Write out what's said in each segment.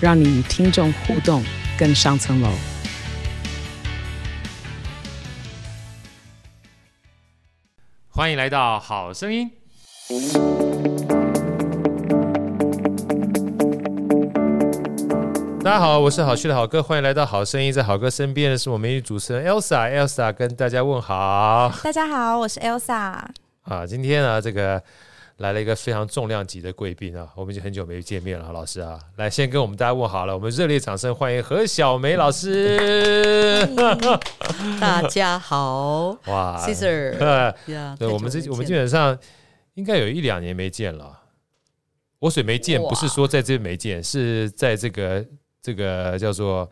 讓你與聽眾互動更上層樓。歡迎來到《好聲音》。大家好，我是好趣的好哥，歡迎來到《好聲音》。在好哥身邊的是我美女主持人 ELSA，ELSA 跟大家問好。大家好，我是 ELSA。啊，今天呢，啊，這個。來了一個非常重量級的貴賓啊！我們已經很久沒見面了，老師啊，來先跟我們大家問好了，我們熱烈掌聲歡迎何曉玫老師。嗯嗯嗯、大家好，哇，Cesar，對我們這我們基本上應該有一兩年沒見了。我水沒見，哇不是說在這沒見，是在這個這個叫做。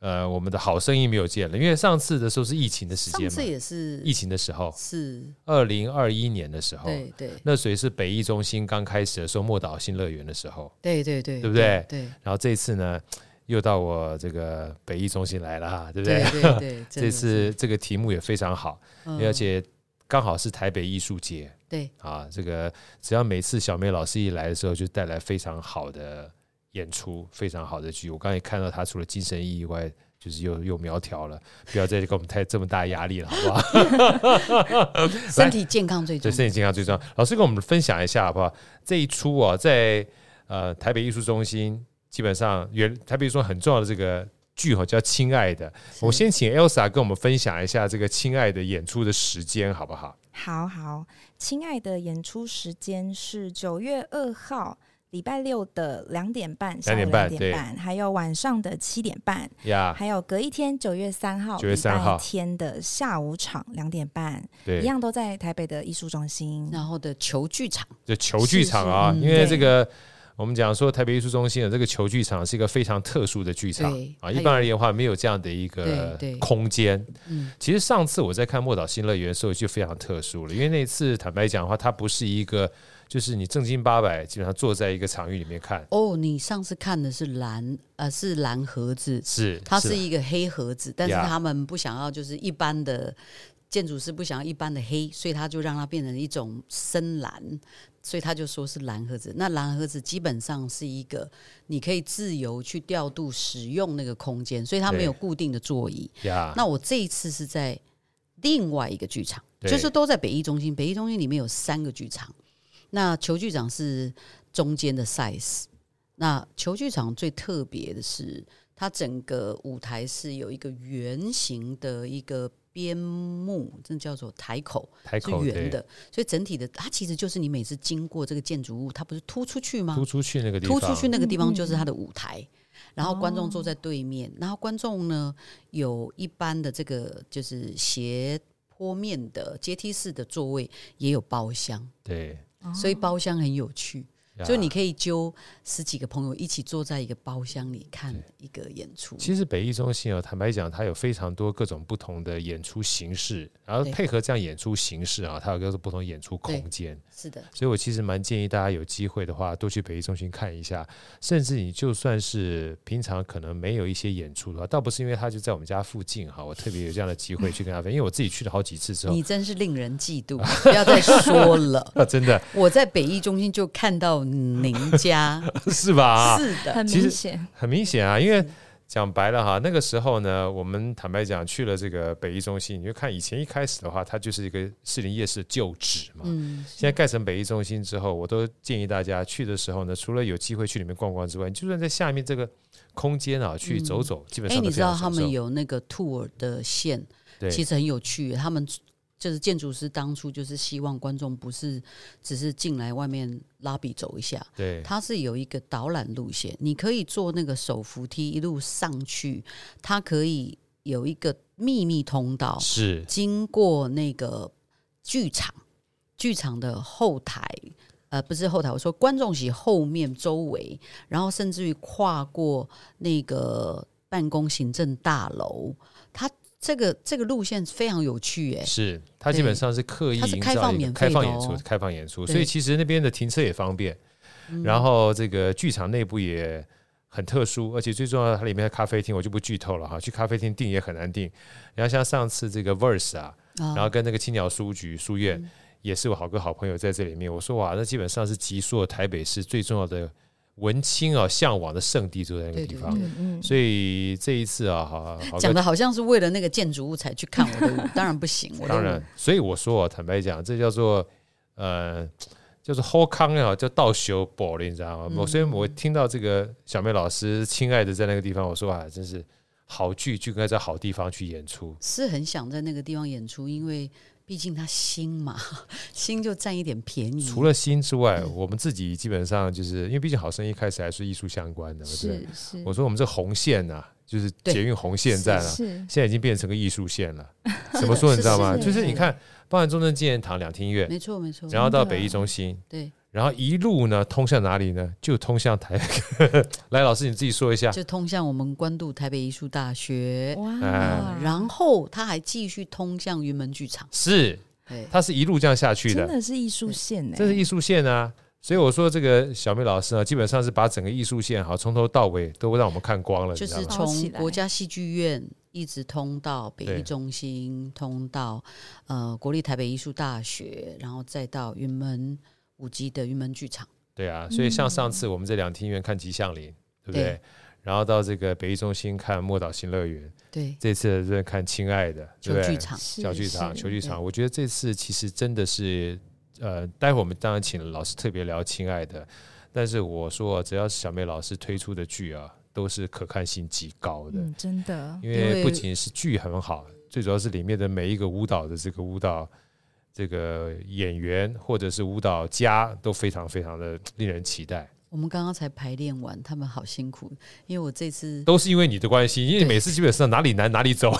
呃，我們的好生意沒有見了，因為上次的時候是疫情的時間嘛，這次也是疫情的時候，是二零二一年的時候，對對，對那誰是北藝中心剛開始的時候，莫島新樂園的時候，對對對，對，對，對不對？對，對然後這次呢，又到我這個北藝中心來了哈，對不對？對對，對對對 這次這個題目也非常好，對而且剛好是台北藝術節，對，啊，這個只要每次曉玫老師一來的時候，就帶來非常好的演出非常好的劇，我剛才看到他除了精神奕奕外，就是又又苗條了，不要再給我們太 這麼大壓力了，好不好？ 身體健康最重要。對，身體健康最重要。老師跟我們分享一下，好不好？這一出哦，在呃台北藝術中心，基本上原台北藝術中很重要的這個劇哦，叫《親愛的》，是我先請 Elsa 跟我們分享一下這個《親愛的》演出的時間，好不好？好好，《親愛的》演出時間是九月二號。禮拜六的兩點半，兩點半，下午兩點半對還有晚上的七點半，yeah, 還有隔一天九月三號，禮拜天的下午場兩點半，對一樣都在台北的藝術中心，然後的球劇場，球劇場啊，是是因為這個。我們講說台北藝術中心的這個球劇場是一個非常特殊的劇場啊，一般而言的話沒有這樣的一個空間。其實上次我在看默島新樂園的時候就非常特殊了，因為那次坦白講的話，它不是一個，就是你正經八百基本上坐在一個場域裡面看。哦，你上次看的是藍，呃，是藍盒子，是它是一個黑盒子，但是他們不想要就是一般的建築師不想要一般的黑，所以他就讓它變成一種深藍。所以他就說是藍盒子，那藍盒子基本上是一個你可以自由去調度使用那個空間，所以它沒有固定的座椅。對那我這一次是在另外一個劇場，對就是都在北一中心北藝中心。北藝中心裡面有三個劇場，那球劇場是中間的 size，那球劇場最特別的是，它整個舞台是有一個圓形的一個。邊幕，這叫做台口，台口是圓的，對所以整體的它，其實就是你每次經過這個建築物，它不是突出去嗎？突出去那個地方，突出去那個地方就是它的舞台，嗯嗯，然後觀眾坐在對面，哦、然後觀眾呢，有一般的這個就是斜坡面的階梯式的座位，也有包廂，對，所以包廂很有趣。就你可以揪十幾個朋友一起坐在一個包廂裡看一個演出。其實北藝中心啊，坦白講，它有非常多各種不同的演出形式，然後配合這樣演出形式啊，對它有各種不同演出空間。是的，所以我其實蠻建議大家有機會的話，多去北藝中心看一下。甚至你就算是平常可能沒有一些演出的話，倒不是因為他就在我們家附近哈、啊，我特別有這樣的機會去跟他，分， 因為我自己去了好幾次之後，你真是令人嫉妒，不要再說了。 啊、真的， 我在北藝中心就看到你。名您家 是吧？是的，很明顯，很明顯啊，因為講白了哈，那個時候呢，我們坦白講去了這個北藝中心，你就看以前一開始的話，它就是一個士林夜市舊址嘛。嗯、現在蓋成北藝中心之後，我都建議大家去的時候呢，除了有機會去裡面逛逛之外，你就算在下面這個空間啊去走走，嗯、基本上。哎，你知道他們有那個 tour 的線，對，其實很有趣，他們。就是建築師當初就是希望觀眾不是只是進來外面 lobby 走一下，對，它是有一個導覽路線，你可以坐那個手扶梯一路上去，它可以有一個秘密通道，是經過那個劇場、劇場的後台，呃，不是後台，我說觀眾席後面周圍，然後甚至於跨過那個辦公行政大樓。這個這個路線非常有趣哎、欸，是它基本上是刻意營造，開放、哦、開放演出，開放演出，所以其實那邊的停車也方便，然後這個劇場內部也很特殊，而且最重要，它裡面的咖啡廳我就不劇透了哈，去咖啡廳訂也很難訂。然後像上次這個 Verse 啊，然後跟那個青鳥書局書院，也是我好個好朋友在這裡面，我說哇，那基本上是集碩台北市最重要的。文青啊，嚮往的聖地就在那個地方，對對對對，所以這一次啊，哈，講的好像是為了那個建築物才去看我的舞，我 當然不行。當然，所以我說啊，坦白講，這叫做呃，就是好康啊，叫逗相報了，你知道嗎？所以、嗯，我聽到這個曉玫老師親愛的在那個地方，我說啊，真是好劇就應該在好地方去演出，是很想在那個地方演出，因為。畢竟他新嘛，新就佔一點便宜。除了新之外，嗯、我們自己基本上就是因為，畢竟好生意開始還是藝術相關的。對，我說我們這紅線啊就是捷運紅線站了，啊，現在已經變成個藝術線了。怎麼說你知道嗎？是是就是你看，包含中正紀念堂、兩廳院，然後到北藝中心，然後一路呢，通向哪裡呢？就通向台北。 來，老師你自己說一下。就通向我們關渡台北藝術大學哇！Wow. 然後他還繼續通向雲門劇場。是，對他是一路這樣下去的。真的是藝術線呢。這是藝術線啊！所以我說這個曉玫老師呢，基本上是把整個藝術線好從頭到尾都讓我們看光了。就是從國家戲劇院一直通到北藝中心，對通到呃國立台北藝術大學，然後再到雲門。五級的雲門劇場，對啊，所以像上次我們這兩廳院看《吉祥林》嗯，對不對？對然後到這個北藝中心看《默島新樂園》，對，這次在看《親愛的》對。小對對劇場，小劇場，球劇場。我覺得這次其實真的是，呃，待會我們當然請老師特別聊《親愛的》，但是我說只要是曉玫老師推出的劇啊，都是可看性極高的，嗯、真的。因為不僅是劇很好，對對最主要是裡面的每一個舞蹈的這個舞蹈。這個演員或者是舞蹈家都非常非常的令人期待。我們剛剛才排練完，他們好辛苦，因為我這次都是因為你的關係，因為每次基本上哪裡難哪裡走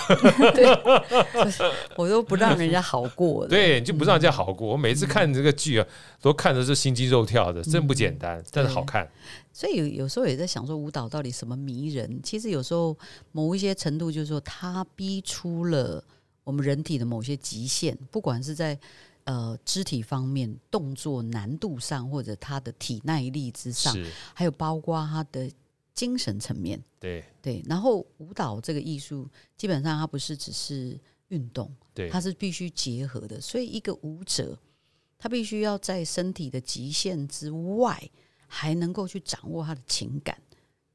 對 對，我都不讓人家好過。 對，就不讓人家好過。我每次看這個劇啊，都看的是心驚肉跳的，真不簡單，嗯、但是好看。所以有有時候也在想，說舞蹈到底什麼迷人？其實有時候某一些程度，就是說他逼出了。我們人體的某些極限，不管是在呃肢體方面、動作難度上，或者他的體耐力之上，是還有包括他的精神層面。對對，然後舞蹈這個藝術，基本上它不是只是運動，它對是必須結合的。所以一個舞者，他必須要在身體的極限之外，還能夠去掌握他的情感，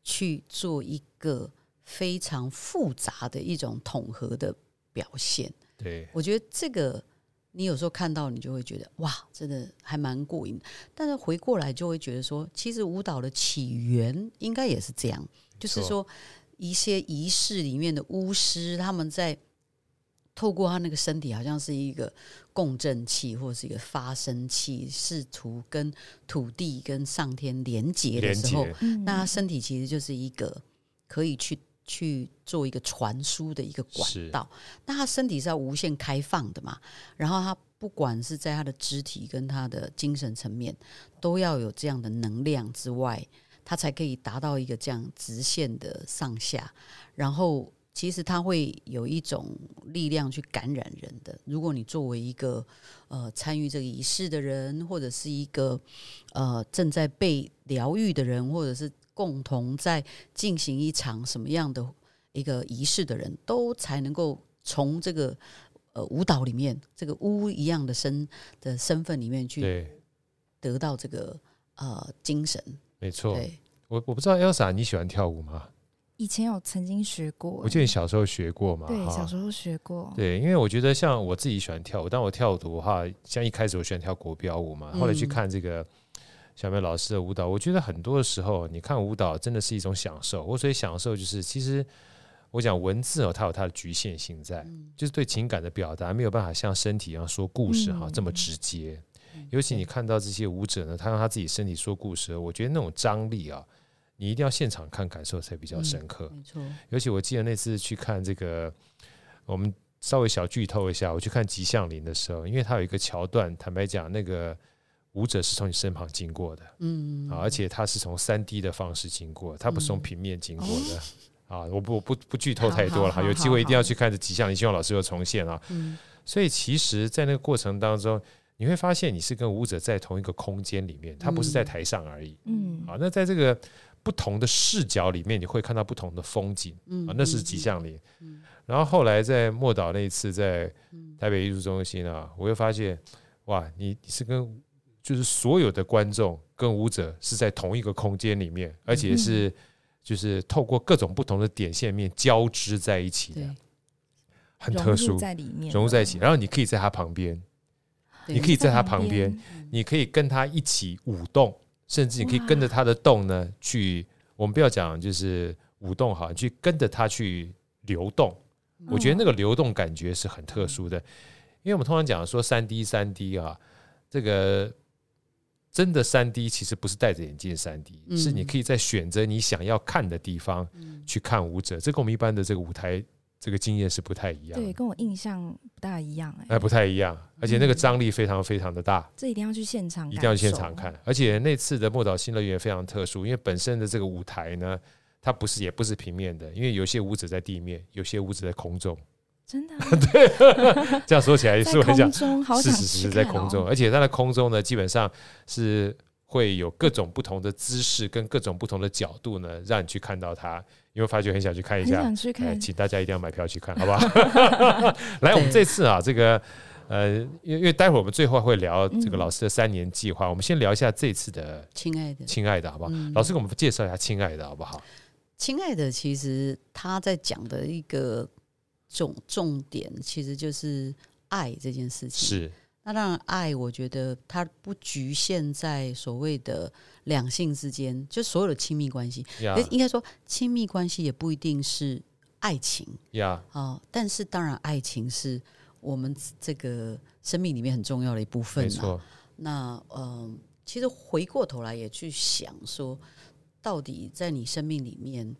去做一個非常複雜的一種統合的。表現，對，我覺得這個，你有時候看到你就會覺得哇，真的還蠻過癮。但是回過來就會覺得說，其實舞蹈的起源應該也是這樣，錯就是說一些儀式裡面的巫師，他們在透過他那個身體，好像是一個共振器或是一個發聲器，試圖跟土地跟上天連接的時候，結那他身體其實就是一個可以去。去做一個傳輸的一個管道。是那他身體是要無限開放的嘛，然後他不管是在他的肢體跟他的精神層面，都要有這樣的能量之外，他才可以達到一個這樣直線的上下。然後其實他會有一種力量去感染人的。如果你作為一個呃參與這個儀式的人，或者是一個呃正在被療癒的人，或者是。共同在進行一場什麼樣的一個儀式的人，都才能夠從這個呃舞蹈裡面，這個巫一樣的身的身份裡面去得到這個對呃精神。沒錯錯，對我我不知道，Elsa 你喜歡跳舞嗎？以前有曾經學過，我記得你小時候學過嗎？對，哈小時候學過。對，因為我覺得像我自己喜歡跳舞，但我跳舞的話，像一開始我喜歡跳國標舞嘛，後來去看這個。嗯曉玫老師的舞蹈，我覺得很多的時候，你看舞蹈真的是一種享受。我所以享受就是，其實我講文字哦，它有它的局限性在，嗯、就是對情感的表達沒有辦法像身體一樣說故事哈、哦嗯、這麼直接。嗯、尤其你看到這些舞者呢，對，他用他自己身體說故事，我覺得那種張力啊，你一定要現場看感受才比較深刻。嗯、沒錯，尤其我記得那次去看這個，我們稍微小劇透一下，我去看極相林的時候，因為他有一個橋段，坦白講那個。舞者是從你身旁經過的，嗯、啊、而且他是從三 D 的方式經過，他不是從平面經過的、嗯、啊！我不我不不劇透太多了，啊、嗯，有機會一定要去看這《吉祥》，你希望老師又重現啊！嗯、所以其實，在那個過程當中，你會發現你是跟舞者在同一個空間裡面，他不是在台上而已，嗯好、嗯啊，那在這個不同的視角裡面，你會看到不同的風景，嗯啊，那是《吉祥林》，然後後來在莫島那一次在台北藝術中心啊，我會發現，哇，你,你是跟就是所有的觀眾跟舞者是在同一個空間裡面，嗯、哼而且是就是透過各種不同的點線面交織在一起的，對很特殊在裡面融入在一起。然後你可以在他旁邊，對你可以在他旁邊，旁嗯、你可以跟他一起舞動，甚至你可以跟着他的動呢哇去。我們不要講就是舞動哈，你去跟着他去流動。嗯、我覺得那個流動感覺是很特殊的，嗯、因為我們通常講說三 D 三 D 啊，這個。真的三 D 其實不是戴着眼鏡三 D，嗯、是你可以在選擇你想要看的地方去看舞者，這跟我們一般的這個舞台這個經驗是不太一樣。對，跟我印象不大一樣，欸。哎，不太一樣，而且那個張力非常非常的大。這、嗯、一定要去現場，一定要去現場看。而且那次的默島新樂園非常特殊，因為本身的這個舞台呢，它不是也不是平面的，因為有些舞者在地面，有些舞者在空中。真的，對，這樣說起來也是我講，是是是在空中，而且它在空中呢，基本上是會有各種不同的姿勢，跟各種不同的角度呢，讓你去看到它，因為發覺很想去看一下，請大家一定要買票去看，好不好？來，我們這次啊，這個呃，因為因為待會兒我們最後會聊這個老師的三年計劃，我們先聊一下這次的親愛的，親愛的，好不好？老師給我們介紹一下親愛的，好不好？親愛的，其實他在講的一個。重重點其實就是愛這件事情。是，那當然，愛我覺得它不局限在所謂的兩性之間，就所有的親密關係，Yeah. 應該說，親密關係也不一定是愛情。Yeah. 啊、但是當然，愛情是我們這個生命裡面很重要的一部分，啊。沒錯。那，嗯、呃，其實回過頭來也去想說，到底在你生命裡面。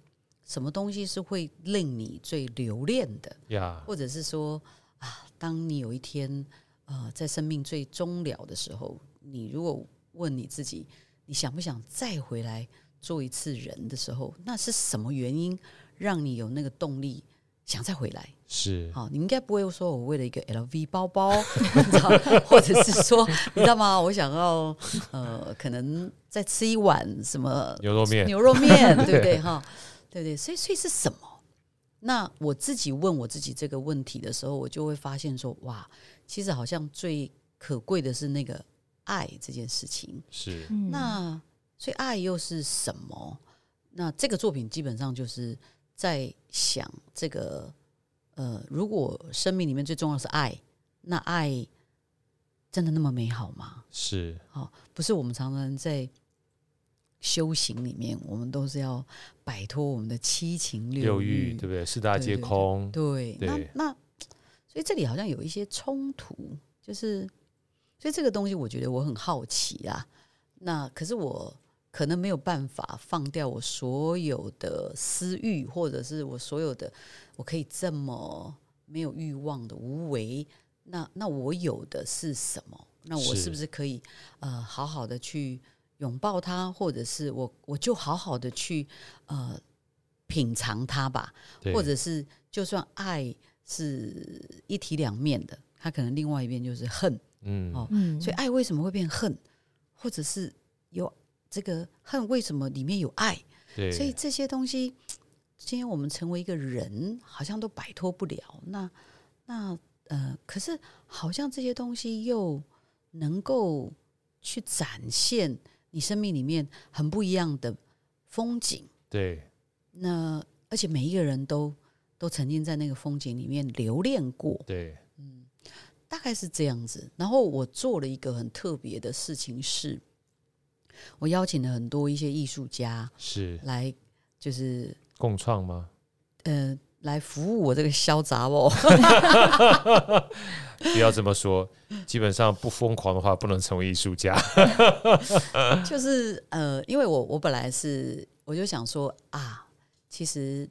什麼東西是會令你最留戀的？呀，Yeah. 或者是說啊，當你有一天、呃、在生命最終了的時候，你如果問你自己，你想不想再回來做一次人的時候，那是什麼原因讓你有那個動力想再回來？是、啊，你應該不會說我為了一個 LV 包包， 或者是說，你知道嗎？ 我想要呃，可能再吃一碗什麼牛肉麵，牛肉麵， 對不對？哈、啊。對對，所以所以是什麼？那我自己問我自己這個問題的時候，我就會發現說，哇，其實好像最可貴的是那個愛這件事情。是，那所以愛又是什麼？那這個作品基本上就是在想這個，呃，如果生命裡面最重要的是愛，那愛真的那麼美好嗎？是，好、哦，不是我們常常在。修行裡面，我們都是要擺脫我們的七情六慾、六慾，對不對？四大皆空，對、對、對。對對，那那，所以這裡好像有一些衝突，就是，所以這個東西，我覺得我很好奇啊。那可是我可能沒有辦法放掉我所有的私慾，或者是我所有的，我可以這麼沒有慾望的無為。那那我有的是什麼？那我是不是可以是呃，好好的去？擁抱他，或者是我，我就好好的去，呃，品嘗它吧。對或者是，就算愛是一體兩面的，它，可能另外一邊就是恨，嗯，哦，所以愛為什麼會變恨，或者是有這個恨為什麼裡面有愛？對，所以這些東西，今天我們成為一個人，好像都擺脫不了。那那呃，可是好像這些東西又能夠去展現你生命裡面很不一樣的風景，對。那而且每一個人都都曾經在那個風景裡面留戀過，對，嗯，大概是這樣子。然後我做了一個很特別的事情是，是我邀請了很多一些藝術家，是來就是，是共創嗎？嗯，呃。來服務我這個小雜哦！ 不要這麼說，基本上不瘋狂的話不能成為藝術家。 就是呃，因為我我本來是我就想說啊，其實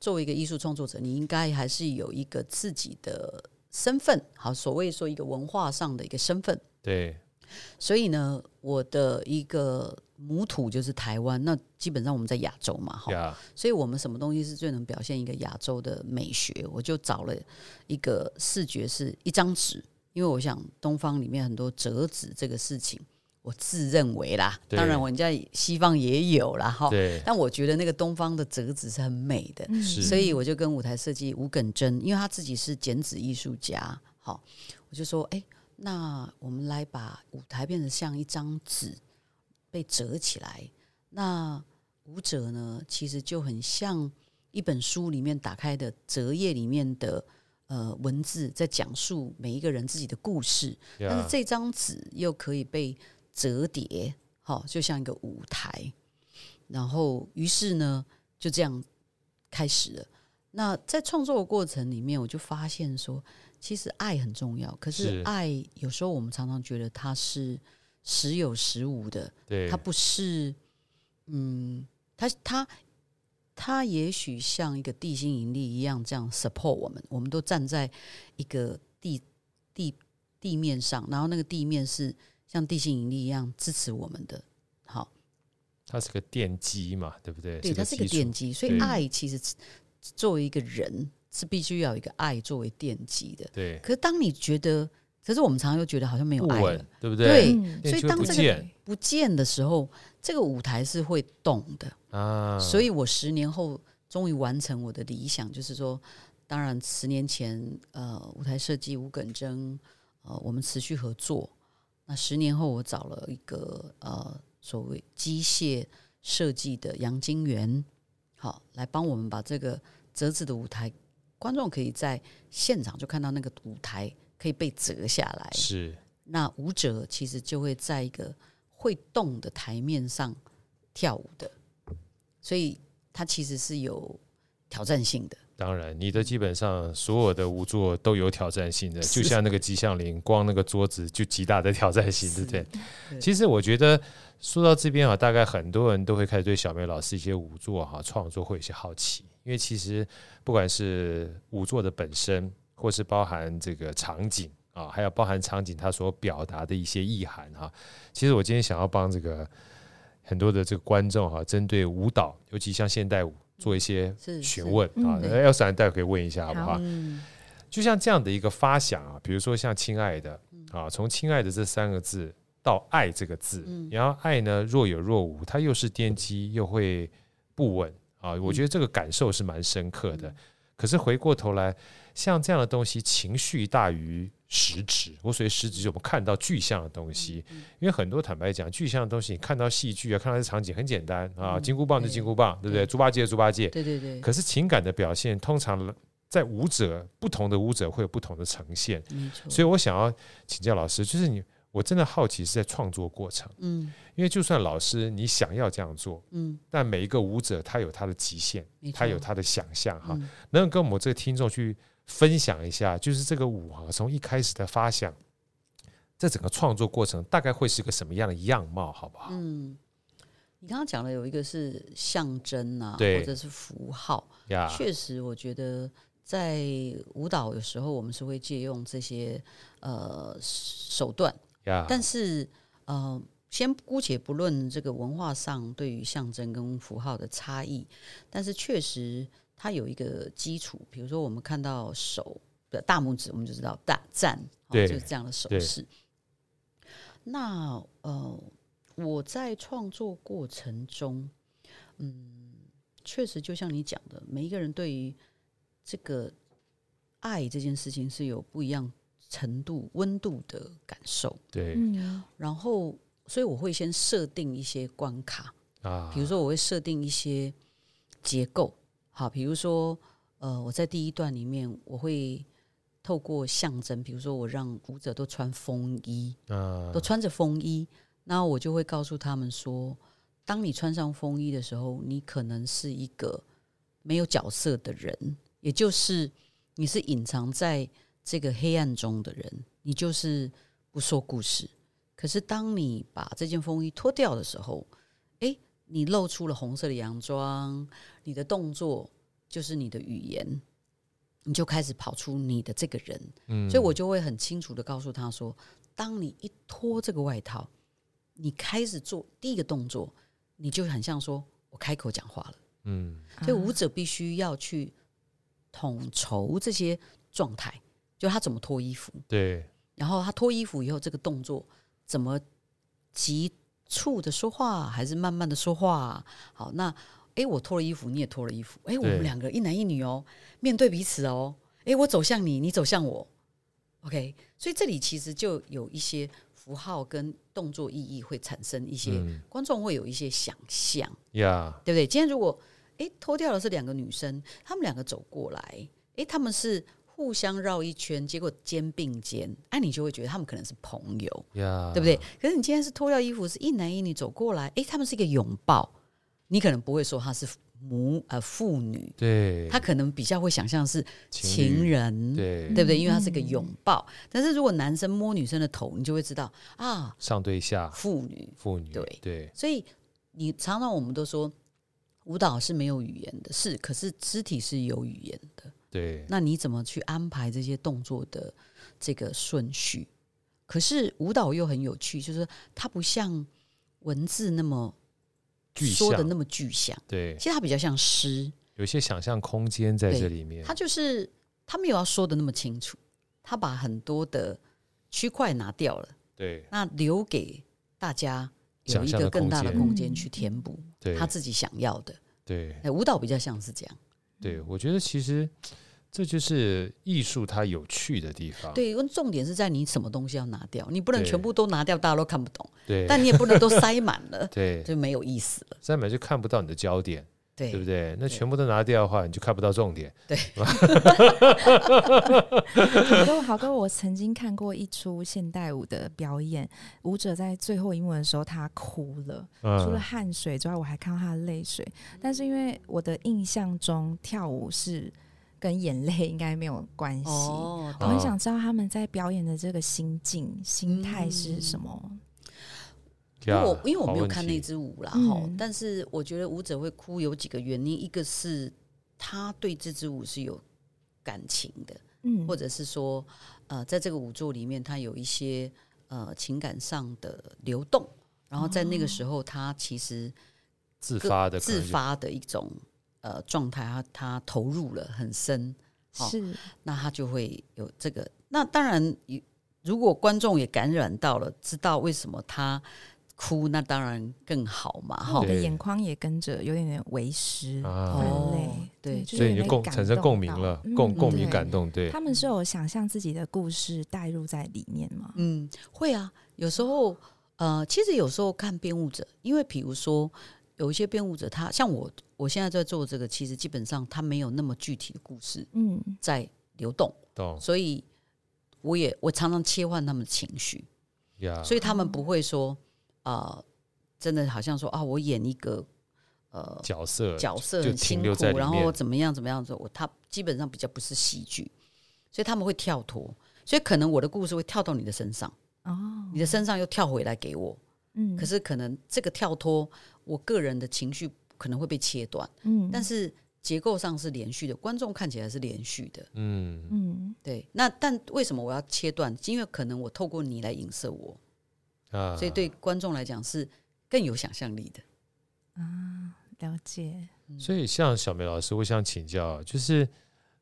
作為一個藝術創作者，你應該還是有一個自己的身份，好，所謂說一個文化上的一個身份。對。所以呢，我的一個母土就是台灣，那基本上我們在亞洲嘛，哈，Yeah. 所以我們什麼東西是最能表現一個亞洲的美學？我就找了一個視覺是一張紙，因為我想東方裡面很多折紙這個事情，我自認為啦，對當然我人家西方也有啦，哈，但我覺得那個東方的折紙是很美的，對所以我就跟舞台設計吳耿禎，因為他自己是剪紙藝術家，好，我就說，哎、欸。那我們來把舞台變得像一張紙被折起來，那舞者呢，其實就很像一本書裡面打開的折頁裡面的呃文字，在講述每一個人自己的故事。Yeah. 但是這張紙又可以被折疊，就像一個舞台。然後，於是呢，就這樣開始了。那在創作的過程裡面，我就發現說，其實愛很重要。可是愛有時候我們常常覺得它是時有時無的。對，它不是，嗯，它它它也許像一個地心引力一樣，這樣 support 我們。我們都站在一個地地地面上，然後那個地面是像地心引力一樣支持我們的。好，它是個電機嘛，對不對？對，是它是一個電機，所以愛其實。作為一個人，是必須要有一個愛作為奠基的。對。可是當你覺得，可是我們常常又覺得好像沒有愛了，對不對？對。嗯、所以當這個不見的時候，這個舞台是會動的啊！所以我十年後終於完成我的理想，就是說，當然十年前，呃，舞台設計吳耿禎，呃，我們持續合作。那十年後，我找了一個呃，所謂機械設計的楊金元。好，來幫我們把這個摺紙的舞台。觀眾可以在現場就看到那個舞台可以被折下來。是，那舞者其實就會在一個會動的台面上跳舞的，所以它其實是有挑戰性的。當然，你的基本上所有的舞作都有挑戰性的，是就像那個極相林，光那個桌子就極大的挑戰性。是對，是對其實我覺得。說到這邊啊，大概很多人都會開始對小玫老師一些舞作哈、啊、創作會有些好奇，因為其實不管是舞作的本身，或是包含這個場景啊，還有包含場景它所表達的一些意涵哈、啊。其實我今天想要幫這個很多的這個觀眾哈、啊，針對舞蹈，尤其像現代舞做一些詢問，是是啊，要珊大家可以問一下好不好？好嗯、就像這樣的一個發想啊，比如說像“親愛的”啊，從“親愛的”這三個字。到愛這個字，嗯、然後愛呢，若有若無，它又是惦記又會不穩啊！我覺得這個感受是蠻深刻的。嗯、可是回過頭來，像這樣的東西，情緒大於實質。我所謂實質，就是我們看到具象的東西，嗯嗯、因為很多坦白講，具象的東西，你看到戲劇啊，看到這場景很簡單啊，金箍棒就金箍棒，嗯、對，對不對？豬八戒豬八戒，對對對。對對對，可是情感的表現，通常在舞者，不同的舞者會有不同的呈現。沒錯。所以我想要請教老師，就是你。我真的好奇是在創作過程，嗯，因為就算老師你想要這樣做，嗯，但每一個舞者他有他的極限，錯他有他的想象哈。嗯、能，能跟我們這個聽眾去分享一下，就是這個舞啊，從一開始的發想，這整個創作過程大概會是個什麼樣的樣貌，好不好？嗯，你剛剛講了有一個是象徵啊，對或者是符號，呀確實，我覺得在舞蹈有時候我們是會借用這些呃手段。Yeah. 但是，呃，先姑且不論這個文化上對於象徵跟符號的差異，但是確實它有一個基礎。比如說，我們看到手的大拇指，我們就知道大讚對、哦，就是這樣的手勢。對那呃，我在創作過程中，嗯，確實就像你講的，每一個人對於這個愛這件事情是有不一樣的。程度、溫度的感受，對，嗯、呀然後，所以我會先設定一些關卡啊，比如說我會設定一些結構，好，比如說呃，我在第一段裡面，我會透過象徵，比如說我讓舞者都穿風衣、啊、都穿着風衣，那我就會告訴他們說，當你穿上風衣的時候，你可能是一個沒有角色的人，也就是你是隱藏在。這個黑暗中的人，你就是不說故事。可是當你把這件風衣脫掉的時候，哎，你露出了紅色的洋裝，你的動作就是你的語言，你就開始跑出你的這個人。嗯，所以我就會很清楚的告訴他說，當你一脫這個外套，你開始做第一個動作，你就很像說，我開口講話了。嗯，所以舞者必須要去統籌這些狀態。就他怎麼脫衣服，對，然後他脫衣服以後，這個動作怎麼急促的說話，還是慢慢的說話、啊？好，那哎，我脫了衣服，你也脫了衣服，哎，對我們兩個一男一女哦，面對彼此哦，哎，我走向你，你走向我，OK，所以這裡其實就有一些符號跟動作意義會產生一些、嗯、觀眾會有一些想象，Yeah. 對不對？今天如果哎脫掉的是兩個女生，她們兩個走過來，哎，她們是。互相繞一圈，結果肩並肩，哎、啊，你就會覺得他們可能是朋友，Yeah. 對不對？可是你今天是脫掉衣服，是一男一女走過來，哎，他們是一個擁抱，你可能不會說他是母呃父女，對，他可能比較會想象是情人，情對，對不對？因為他是一個擁抱。嗯、但是如果男生摸女生的頭，你就會知道啊，上對下，父女，父女，對對。對所以你常常我們都說舞蹈是沒有語言的，是，可是肢體是有語言的。對，那你怎麼去安排這些動作的這個順序？可是舞蹈又很有趣，就是它不像文字那麼說的那麼具象，具象對，其實它比較像詩，有一些想象空間在這裡面。它就是它沒有要說的那麼清楚，他把很多的區塊拿掉了，對，那留給大家有一個更大的空間，想象的空間去填補他自己想要的，嗯、對，嗯、對，舞蹈比較像是這樣。對，我覺得其實這就是藝術它有趣的地方。對，因為重點是在你什麼東西要拿掉，你不能全部都拿掉，對大家都看不懂。對，但你也不能都塞滿了， 對，就沒有意思了。塞滿就看不到你的焦點。對，對不對？那全部都拿掉的話對你就看不到重點。對，好多好，我曾經看過一出現代舞的表演，舞者在最後一幕的時候他哭了、嗯、除了汗水之外我還看到他的淚水，但是因為我的印象中跳舞是跟眼淚應該沒有關係、哦哦、我很想知道他們在表演的這個心境心態是什麼、嗯因為我因為我沒有看那支舞啦、嗯、但是我覺得舞者會哭有幾個原因，一個是他對這支舞是有感情的，嗯、或者是說呃，在這個舞作裡面他有一些呃情感上的流動，然後在那個時候他其實自發的自發的一種呃狀態，狀態他他投入了很深，哦、是，那他就會有這個。那當然，如果觀眾也感染到了，知道為什麼他。哭，那當然更好嘛，哈，你的眼眶也跟着有點點為濕，哦，對，所以你就共產生共鳴了，嗯、共共鳴，感動，對。他們是有想象自己的故事帶入在裡面嗎？嗯，會啊，有時候，呃，其實有時候看編舞者，因為比如說有一些編舞者他，他像我，我現在在做這個，其實基本上他沒有那麼具體的故事，嗯，在流動，嗯、所以我也我常常切換他們的情緒，Yeah. 所以他們不會說。啊、呃，真的好像說啊，我演一個呃角色，角色很辛苦，然後怎麼樣，怎麼樣子？我他基本上比較不是戲劇，所以他們會跳脫，所以可能我的故事會跳到你的身上，哦，你的身上又跳回來給我，嗯、可是可能這個跳脫，我個人的情緒可能會被切斷，嗯、但是結構上是連續的，觀眾看起來是連續的，嗯嗯，對，那但為什麼我要切斷？因為可能我透過你來影射我。啊，所以對觀眾來講是更有想象力的啊，了解。嗯、所以像曉玫老師，我想請教，就是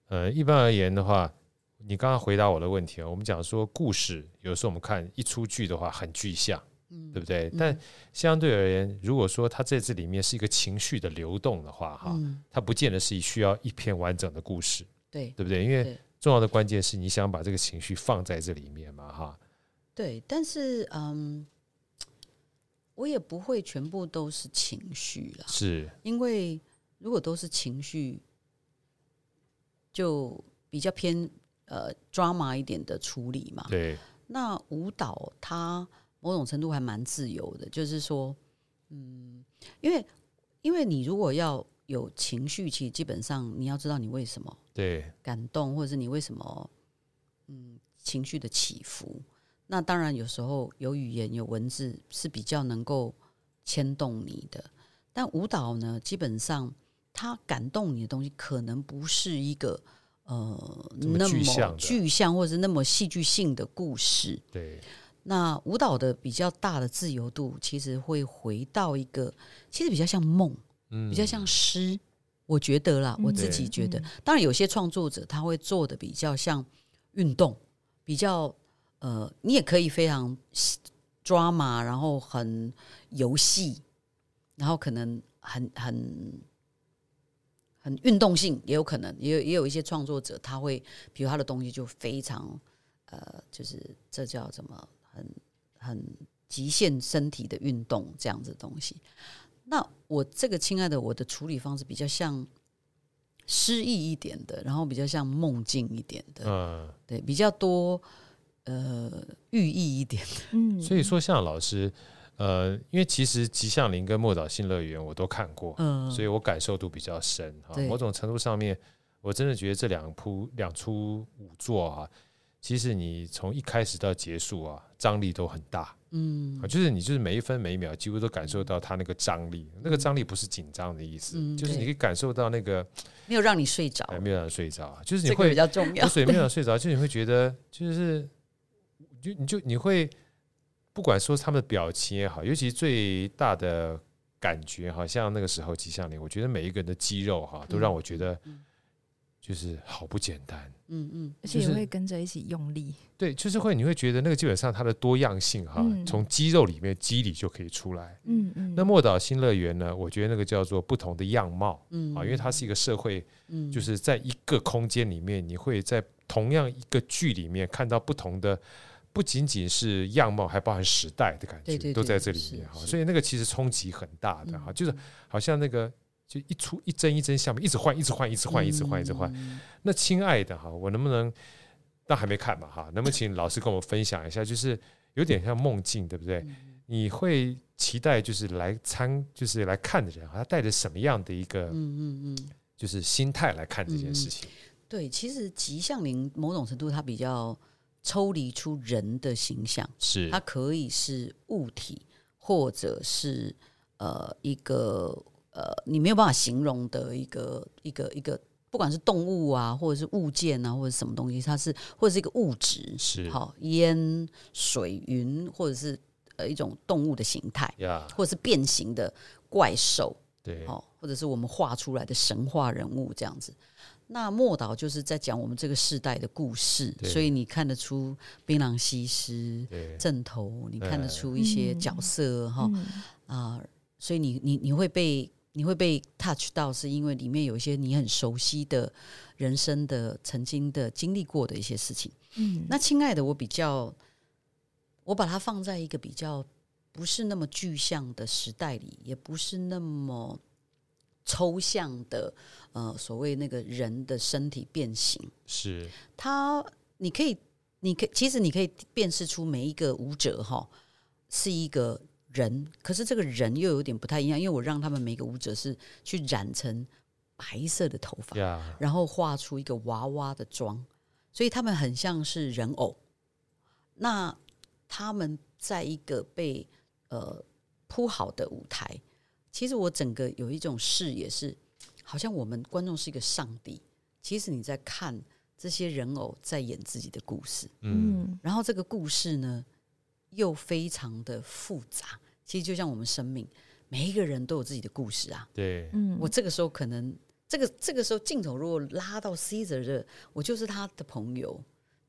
呃，一般而言的話，你剛剛回答我的問題啊，我們講說故事，有時候我們看一出劇的話很具象，嗯、對不對？嗯、但相對而言，如果說它在這裡面是一個情緒的流動的話，哈，嗯、它不見得是需要一篇完整的故事，嗯、對，對不對？因為重要的關鍵是你想把這個情緒放在這裡面嘛，哈。對，但是嗯，我也不會全部都是情緒啦，是因為如果都是情緒，就比較偏呃 drama 一點的處理嘛。對，那舞蹈它某種程度還蠻自由的，就是說，嗯，因為因為你如果要有情緒，其實基本上你要知道你為什麼對感動，對或者是你為什麼嗯情緒的起伏。那當然，有時候有語言、有文字是比較能夠牽動你的，但舞蹈呢，基本上它感動你的東西，可能不是一個呃這麼具象的、啊、那麼具象，或者是那麼戲劇性的故事。對，那舞蹈的比較大的自由度，其實會回到一個，其實比較像夢，嗯、比較像詩。我覺得啦，嗯、我自己覺得，嗯、當然有些創作者他會做的比較像運動，比較。呃，你也可以非常抓馬，然後很遊戲，然後可能很很很運動性也有可能，也有也有一些創作者他會，比如他的東西就非常呃，就是這叫什麼很很極限身體的運動這樣子的東西。那我這個親愛的，我的處理方式比較像詩意一點的，然後比較像夢境一點的，嗯，對，比較多。呃，寓意一點的。嗯，所以說像老師，呃，因為其實《極相林》跟《默島新樂園》我都看過，嗯，所以我感受度比較深啊。對某種程度上面，我真的覺得這兩部兩出舞作啊，其實你從一開始到結束啊，張力都很大，嗯，就是你就是每一分每一秒，幾乎都感受到它那個張力。嗯、那個張力不是緊張的意思，嗯、就是你可以感受到那個沒有讓你睡着，沒有讓你睡着，就是你會比較重要，所以沒有讓你睡着，就是你會覺得就是。就你就你會，不管說他們的表情也好，尤其最大的感覺好，好像那個時候極相林，我覺得每一個人的肌肉哈、啊，都讓我覺得就是好不簡單，嗯嗯，而且也會跟着一起用力、就是，對，就是會你會覺得那個基本上它的多樣性哈、啊，從、嗯、肌肉裡面肌理就可以出來，嗯嗯。嗯那《默島新樂園》呢，我覺得那個叫做不同的樣貌，嗯啊，因為它是一個社會，嗯，就是在一個空間裡面，你會在同樣一個劇裡面看到不同的。不僅僅是樣貌，還包含時代的感覺，對對對，都在這裡面哈。是是是，所以那個其實衝擊很大的哈、嗯，就是好像那個就一出一幀一幀下面一直換，一直換，一直換，一直換，嗯、一直換。那親愛的哈，我能不能？那還沒看嘛哈，能不能請老師跟我們分享一下？就是有點像夢境，對不對？嗯、你會期待就是來參，就是來看的人，他帶着什麼樣的一個嗯嗯嗯，就是心態來看這件事情？嗯嗯對，其實吉向林某種程度他比較。抽離出人的形象，是它可以是物體，或者是呃一個呃你沒有辦法形容的一個一個一個，不管是動物啊，或者是物件啊，或者是什麼東西，它是或者是一個物質，是吼，煙、哦、水、雲，或者是呃一種動物的形態，Yeah. 或者是變形的怪獸，對、哦，或者是我們畫出來的神話人物這樣子。那莫導就是在講我們這個世代的故事，對所以你看得出《檳榔西施》、陣頭，你看得出一些角色哈啊，所以你你你會被你會被 touch 到，是因為裡面有一些你很熟悉的人生的曾經的經歷過的一些事情。嗯，那親愛的，我比較我把它放在一個比較不是那麼具象的時代裡，也不是那麼。抽象的，呃，所謂那個人的身體變形，是他，你可以，你可以，其實你可以辨識出每一個舞者哈，是一個人，可是這個人又有點不太一樣，因為我讓他們每個舞者是去染成白色的頭髮，Yeah. 然後畫出一個娃娃的妝，所以他們很像是人偶。那他們在一個被呃鋪好的舞台。其實我整個有一種視野是，好像我們觀眾是一個上帝。其實你在看這些人偶在演自己的故事，嗯，然後這個故事呢又非常的複雜。其實就像我們生命，每一個人都有自己的故事啊。對，嗯，我這個時候可能這個這個時候鏡頭如果拉到 Cesar 這，我就是他的朋友，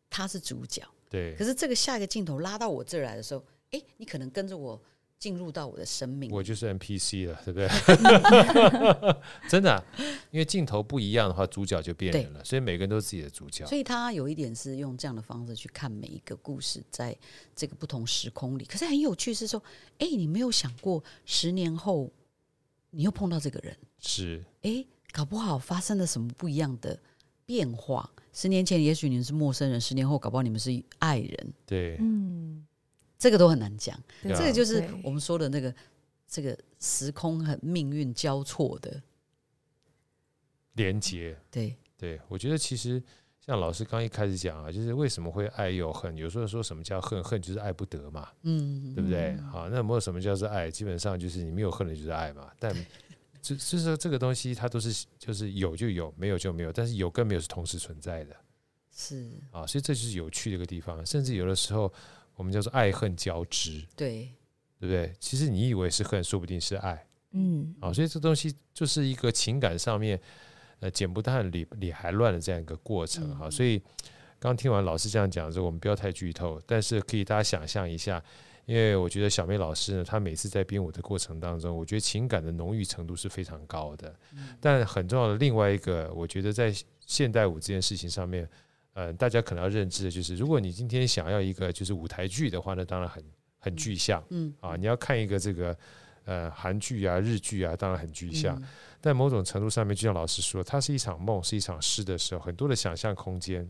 他是主角，對。可是這個下一個鏡頭拉到我這兒來的時候，哎，你可能跟着我。進入到我的生命，我就是 NPC 了，對不對？ 真的、啊，因為鏡頭不一樣的話，主角就變了，對所以每個人都是自己的主角。所以他有一點是用這樣的方式去看每一個故事，在這個不同時空裡。可是很有趣是說，哎、欸，你沒有想過，十年後你又碰到這個人，是哎、欸，搞不好發生了什麼不一樣的變化？是十年前也許你們是陌生人，十年後搞不好你們是愛人。對，嗯。這個都很難講，啊、這個就是我們說的那個對這個時空和命運交錯的連接。對對，我覺得其實像老師剛剛一開始講啊，就是為什麼會愛又恨？有時候說什麼叫恨？恨就是愛不得嘛，嗯，對不對？好、嗯啊，那麼什麼叫做愛，基本上就是你沒有恨的，就是愛嘛。但就是對說，這個東西它都是就是有就有，沒有就沒有，但是有跟沒有是同時存在的。是啊，所以這就是有趣的一個地方，甚至有的時候。我們叫做愛恨交織，對，對不對？其實你以為是恨，說不定是愛。嗯，好、哦，所以這東西就是一個情感上面，呃，剪不斷理理還亂的這樣一個過程哈、嗯哦。所以剛聽完老師這樣講之後，我們不要太劇透，但是可以大家想象一下，因為我覺得曉玫老師呢，她每次在編舞的過程當中，我覺得情感的濃郁程度是非常高的。嗯、但很重要的另外一個，我覺得在現代舞這件事情上面。呃，大家可能要認知的就是，如果你今天想要一個就是舞台劇的話，那當然很很具象，嗯，嗯啊，你要看一個這個呃韓劇啊、日劇啊，當然很具象。嗯、但某種程度上面，就像老師說，它是一場夢，是一場詩的時候，很多的想象空間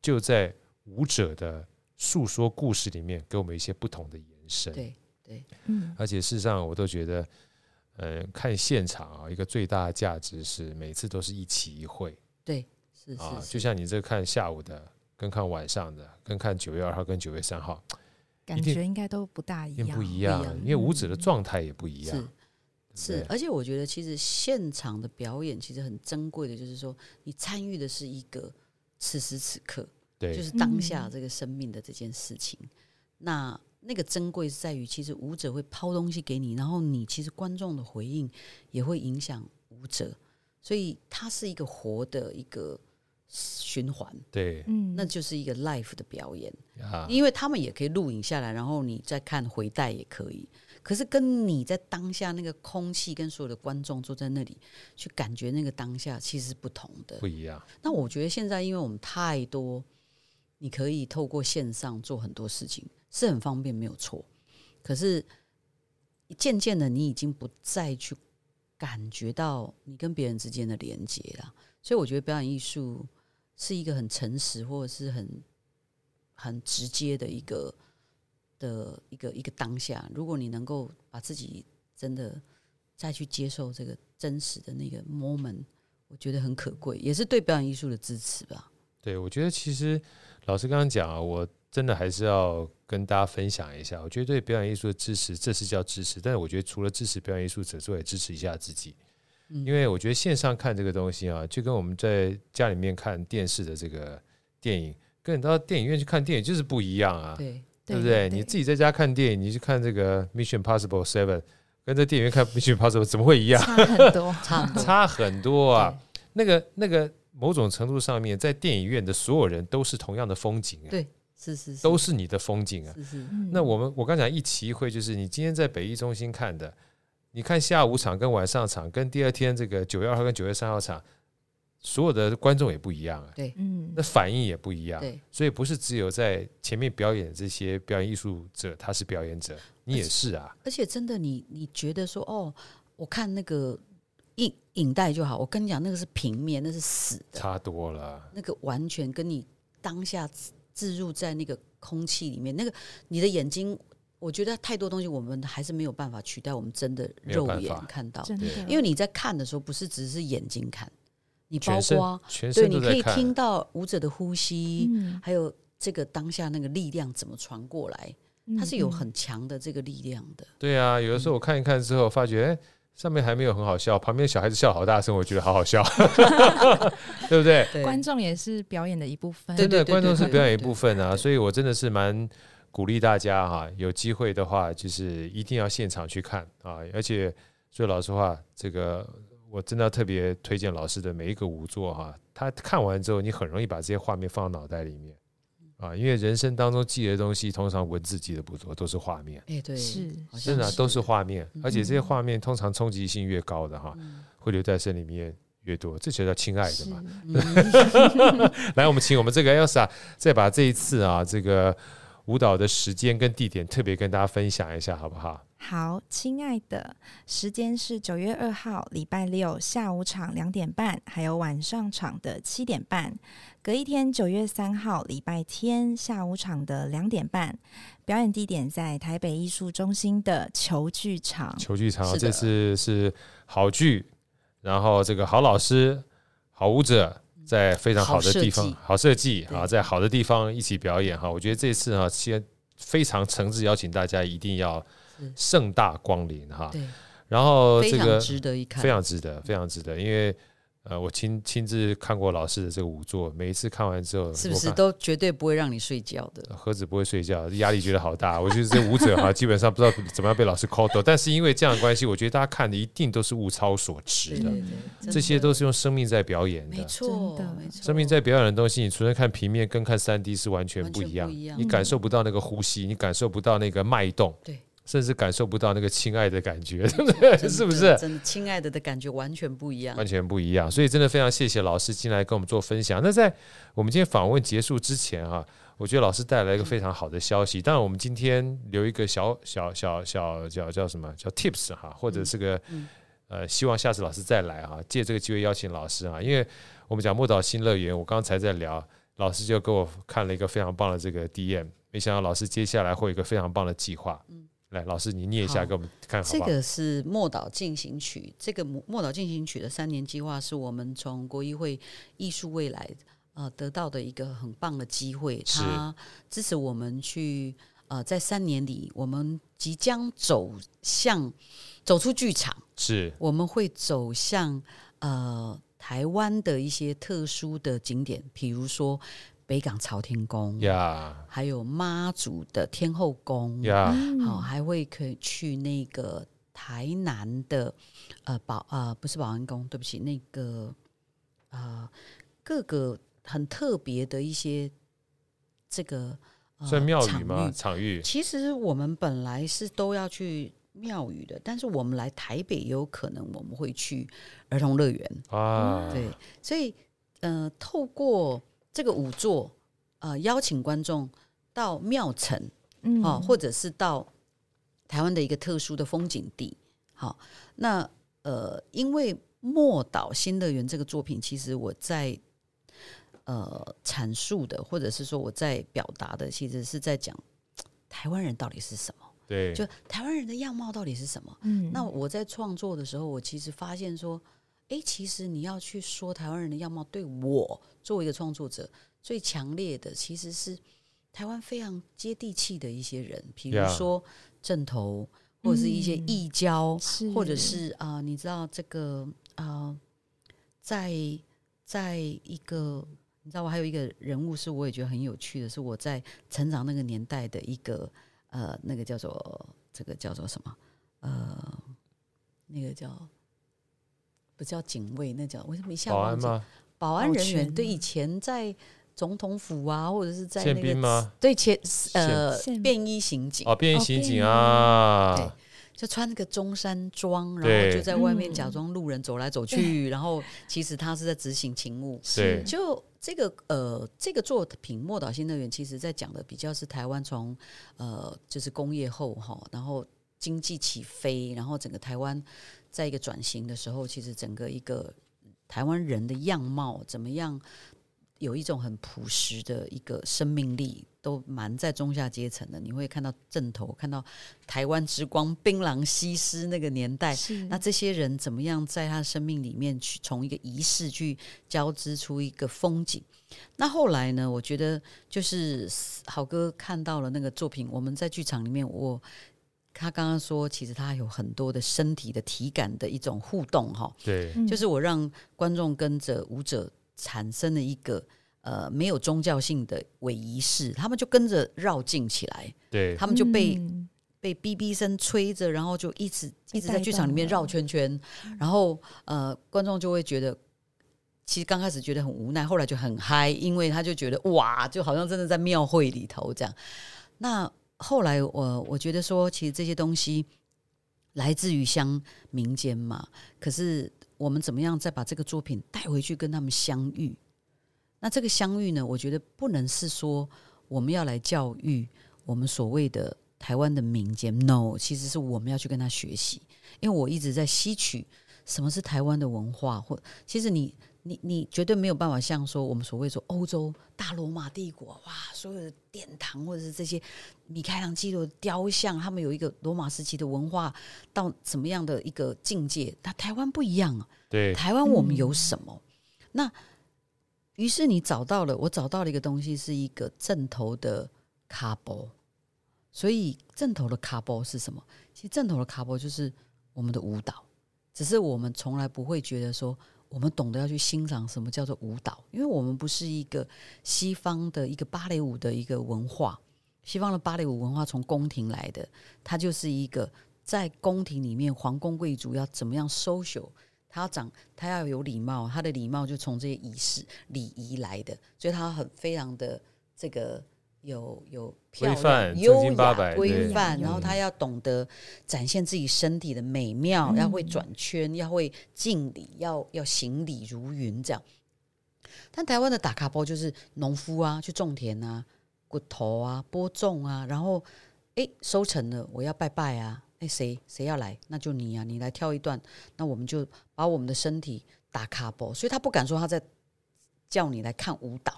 就在舞者的訴說故事裡面，給我們一些不同的延伸。對對，對嗯、而且事實上，我都覺得，呃，看現場啊，一個最大的價值是，每次都是一期一會。對。是是是啊，就像你這看下午的，跟看晚上的，跟看九月二號跟九月三號，感覺一定，應該都不大一樣，一不一樣？啊嗯、因為舞者的狀態也不一樣。是，對對是，而且我覺得其實現場的表演其實很珍貴的，就是說你參與的是一個此時此刻，對，就是當下這個生命的這件事情。嗯、那那個珍貴是在於，其實舞者會拋東西給你，然後你其實觀眾的回應也會影響舞者，所以它是一個活的一個。循環。對、嗯，那就是一個 live 的表演，啊、因為他們也可以錄影下來，然後你再看回帶也可以。可是跟你在當下那個空氣跟所有的觀眾坐在那裡去感覺那個當下，其實是不同的，不一樣。那我覺得現在因為我們太多，你可以透過線上做很多事情是很方便，沒有錯。可是漸漸的，你已經不再去感覺到你跟別人之間的連接了。所以我覺得表演藝術。是一個很誠實或者是很很直接的一個的一個一個當下。如果你能夠把自己真的再去接受這個真實的那個 moment，我覺得很可貴，也是對表演藝術的支持吧。對，我覺得其實老師剛剛講啊，我真的還是要跟大家分享一下。我覺得對表演藝術的支持，這是叫支持，但是我覺得除了支持表演藝術者之外，也支持一下自己。因為我覺得線上看這個東西啊，就跟我們在家裡面看電視的這個電影，跟你到電影院去看電影就是不一樣啊，對，對，對，對不對？對，對，你自己在家看電影，你去看這個 Mission Impossible Seven，跟在電影院看 Mission Impossible 怎麼會一樣？差很多， 差很多差很多啊！對那個那個某種程度上面，在電影院的所有人都是同樣的風景啊，對，是是，是都是你的風景啊。是是嗯、那我們我剛講一期一會，就是你今天在北藝中心看的。你看下午場跟晚上場，跟第二天這個九月二號跟九月三號場，所有的觀眾也不一樣啊、欸。對，嗯，那反應也不一樣。對，所以不是只有在前面表演這些表演藝術者，他是表演者，你也是啊。而。而且真的你，你你覺得說哦，我看那個影影帶就好。我跟你講，那個是平面，那是死的，差多了。那個完全跟你當下置入在那個空氣裡面，那個你的眼睛，我覺得太多東西，我們還是沒有辦法取代我們真的肉眼看到。真的，因為你在看的時候，不是只是眼睛看，你包括，全身，所以你可以聽到舞者的呼吸，嗯、還有這個當下那個力量怎麼傳過來，嗯、它是有很強的這個力量的。對啊，有的時候我看一看之後，發覺、欸、上面還沒有很好笑，旁邊小孩子笑好大聲，我覺得好好笑， 對不對？對對觀眾也是表演的一部分，對，觀眾是表演一部分啊，對對對對所以我真的是蠻。鼓勵大家哈、啊，有機會的話就是一定要現場去看啊！而且說老實話，這個我真的要特別推薦老師的每一個舞作哈、啊，他看完之後，你很容易把這些畫面放到腦袋裡面啊，因為人生當中記得的東西，通常文字記得不多，都是畫面。哎、欸，對，是，真的、啊、是是都是畫面，嗯、哼而且這些畫面通常衝擊性越高的哈、啊，嗯、會留在身裡面越多，這就叫親愛的嘛！嗯、 來，我們請我們這個艾莎再把這一次啊，這個。舞蹈的時間跟地點，特別跟大家分享一下，好不好？好，親愛的，時間是九月二號，禮拜六下午場兩點半，還有晚上場的七點半。隔一天，九月三號，禮拜天下午場的兩點半，表演地點在台北藝術中心的球劇場。球劇場，是的，這次是好劇，然後這個好老師，好舞者。在非常好的地方，好設計啊，好對在好的地方一起表演哈。我覺得這次啊，先非常誠摯邀請大家一定要盛大光臨哈。對然後這個非常值得一看，非常值得，非常值得，因為。呃，我親親自看過老師的這個舞作，每一次看完之後，是不是都絕對不會讓你睡覺的？何止不會睡覺，壓力覺得好大。我覺得這舞者哈，基本上不知道怎麼樣被老師 call 到。但是因為這樣的關係，我覺得大家看的一定都是物超所值的。這些都是用生命在表演的，沒錯，生命在表演的東西，你除了看平面，跟看三 D 是完全不一樣，你感受不到那個呼吸，你感受不到那個脈動。甚至感受不到那個“親愛的”感覺，對不對 真的，是不是？真的，真的“親愛的”的感覺完全不一樣，完全不一樣。所以真的非常謝謝老師進來跟我們做分享。那在我們今天訪問結束之前啊，我覺得老師帶來一個非常好的消息。嗯、當然，我們今天留一個小小小小叫叫什麼叫 tips 哈、啊，或者是個、嗯嗯、呃，希望下次老師再來啊，借這個機會邀請老師啊，因為我們講默島新樂園，我剛才在聊，老師就給我看了一個非常棒的這個 DM，沒想到老師接下來會有一個非常棒的計劃，嗯。來，老師，你念一下好給我們看好，好。這個是《默島進行曲》，這個《默島進行曲》的三年計劃，是我們從國藝會藝術未來呃得到的一個很棒的機會，是支持我們去呃在三年裡，我們即將走向走出劇場，是我們會走向呃台灣的一些特殊的景點，譬如說。北港朝天宮，Yeah. 還有媽祖的天後宮，Yeah. 嗯、好，還會可以去那個台南的呃保呃不是保安宮，對不起，那個呃各個很特別的一些這個、呃、所以廟宇嗎？域其實我們本來是都要去廟宇的，但是我們來台北也有可能我們會去兒童樂園啊、嗯，對，所以呃透過。這個舞作，呃，邀請觀眾到廟城，嗯、或者是到台灣的一個特殊的風景地。那、呃、因為《默島新樂園》這個作品，其實我在闡、呃、述的，或者是說我在表達的，其實是在講台灣人到底是什麼？對就台灣人的樣貌到底是什麼？嗯、那我在創作的時候，我其實發現說。欸、其實你要去說台灣人的樣貌，對我作為一個創作者最強烈的，其實是台灣非常接地氣的一些人，比如說陣頭，或者是一些義交，嗯、是或者是啊、呃，你知道這個啊、呃，在在一個，你知道我還有一個人物，是我也覺得很有趣的是我在成長那個年代的一個呃，那個叫做這個叫做什麼呃，那個叫。叫警衛，那叫為什麼一下？沒保安嗎？保安人員對以前在總統府啊，或者是在那個嗎，對，前呃便現衣、哦、衣刑警啊，便衣刑警啊，對，就穿那個中山裝，然後就在外面假裝路人走來走去，對然後其實他是在執行勤務。對是，務是就這個呃，這個作品《默島新樂園》其實在講的比較是台灣從呃就是工業後哈，然後經濟起飛，然後整個台灣。在一個轉型的時候，其實整個一個台灣人的樣貌怎麼樣，有一種很樸實的一個生命力，都蠻在中下階層的。你會看到陣頭，看到台灣之光、檳榔西施那個年代，是那這些人怎麼樣在他生命裡面去從一個儀式去交織出一個風景。那後來呢？我覺得就是好哥看到了那個作品，我們在劇場裡面我。他剛剛說，其實他有很多的身體的體感的一種互動，哈，對，就是我讓觀眾跟着舞者產生了一個呃沒有宗教性的偽儀式，他們就跟着繞境起來，對，他們就被、嗯、被嗶嗶聲吹着，然後就一直一直在劇場裡面繞圈圈，然後呃觀眾就會覺得，其實剛開始覺得很無奈，後來就很嗨，因為他就覺得哇，就好像真的在廟會裡頭這樣，那。後來我，我我覺得說，其實這些東西來自於鄉民間嘛。可是我們怎麼樣再把這個作品帶回去跟他們相遇？那這個相遇呢？我覺得不能是說我們要來教育我們所謂的台灣的民間。No，其實是我們要去跟他學習。因為我一直在吸取什麼是台灣的文化，或其實你。你你絕對沒有辦法像說我們所謂說，歐洲大羅馬帝國哇，所有的殿堂或者是這些米開朗基羅雕像，他們有一個羅馬時期的文化到什麼樣的一個境界？那台灣不一樣啊。對，台灣我們有什麼？嗯，那於是你找到了，我找到了一個東西，是一個正頭的卡波。所以正頭的卡波是什麼？其實正頭的卡波就是我們的舞蹈，只是我們從來不會覺得說。我們懂得要去欣賞什麼叫做舞蹈，因為我們不是一個西方的一個芭蕾舞的一個文化，西方的芭蕾舞文化從宮廷來的，它就是一個在宮廷裡面皇宮貴族要怎麼樣 social，他要講，他要有禮貌，他的禮貌就從這些儀式禮儀來的，所以他很非常的這個。有有漂亮，優犯雅，規範，犯對然後他要懂得展現自己身體的美妙，嗯、要會轉圈，要會敬禮，要要行禮如云這樣。但台灣的打卡波就是農夫啊，去種田啊，骨頭啊，播種啊，然後哎、欸、收成了，我要拜拜啊，那誰誰要來，那就你啊，你來跳一段，那我們就把我們的身體打卡波，所以他不敢說他在叫你來看舞蹈。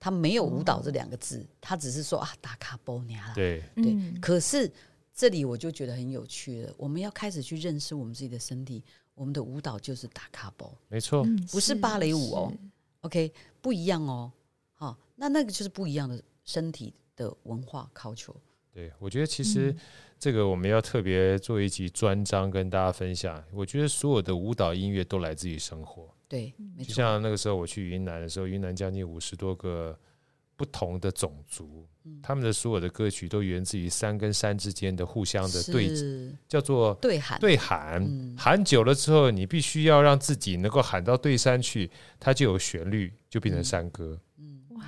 他沒有舞蹈這兩個字，哦、他只是說啊，打卡波你啊，了。對對，對嗯、可是這裡我就覺得很有趣了。我們要開始去認識我們自己的身體，我們的舞蹈就是打卡波，沒錯、嗯，是，不是芭蕾舞哦。是 OK，不一樣哦。好、哦，那那個就是不一樣的身體的文化考究。對，我覺得其實這個我們要特別做一集專章跟大家分享。我覺得所有的舞蹈音樂都來自於生活。對，嗯、就像那個時候我去雲南的時候，雲南將近五十多個不同的種族，嗯、他們的所有的歌曲都源自於山跟山之間的互相的對，對叫做對喊對喊、嗯、喊久了之後，你必須要讓自己能夠喊到對山去，它就有旋律，就變成山歌、嗯嗯。哇，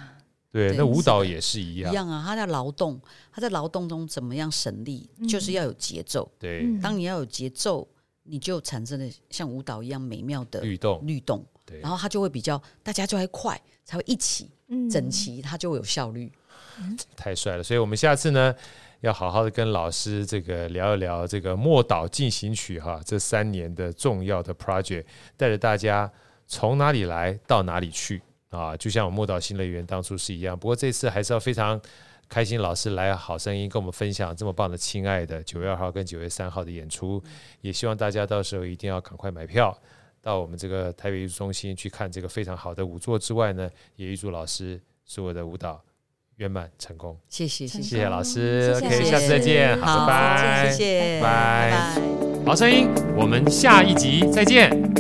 對，對，那舞蹈也是一樣一樣啊。他在勞動，他在勞動中怎麼樣省力，嗯、就是要有節奏。對，嗯、當你要有節奏。你就產生了像舞蹈一樣美妙的律動，律動，然後它就會比較，大家就會快，才會一起整齊，嗯，它就會有效率。嗯、太帥了！所以我們下次呢，要好好的跟老師這個聊一聊這個《莫導進行曲》哈、啊，這三年的重要的 project，帶着大家從哪裡來到哪裡去啊！就像我莫導新樂園當初是一樣，不過這次還是要非常。開心老師來《好聲音》跟我們分享這麼棒的，親愛的九月二號跟九月三號的演出，也希望大家到時候一定要趕快買票到我們這個台北藝術中心去看這個非常好的舞作。之外呢，也預祝老師所有的舞蹈圓滿成功。謝謝, OK, 謝謝，謝謝老師，OK，下次再見，好，拜拜。好聲音，我們下一集再見。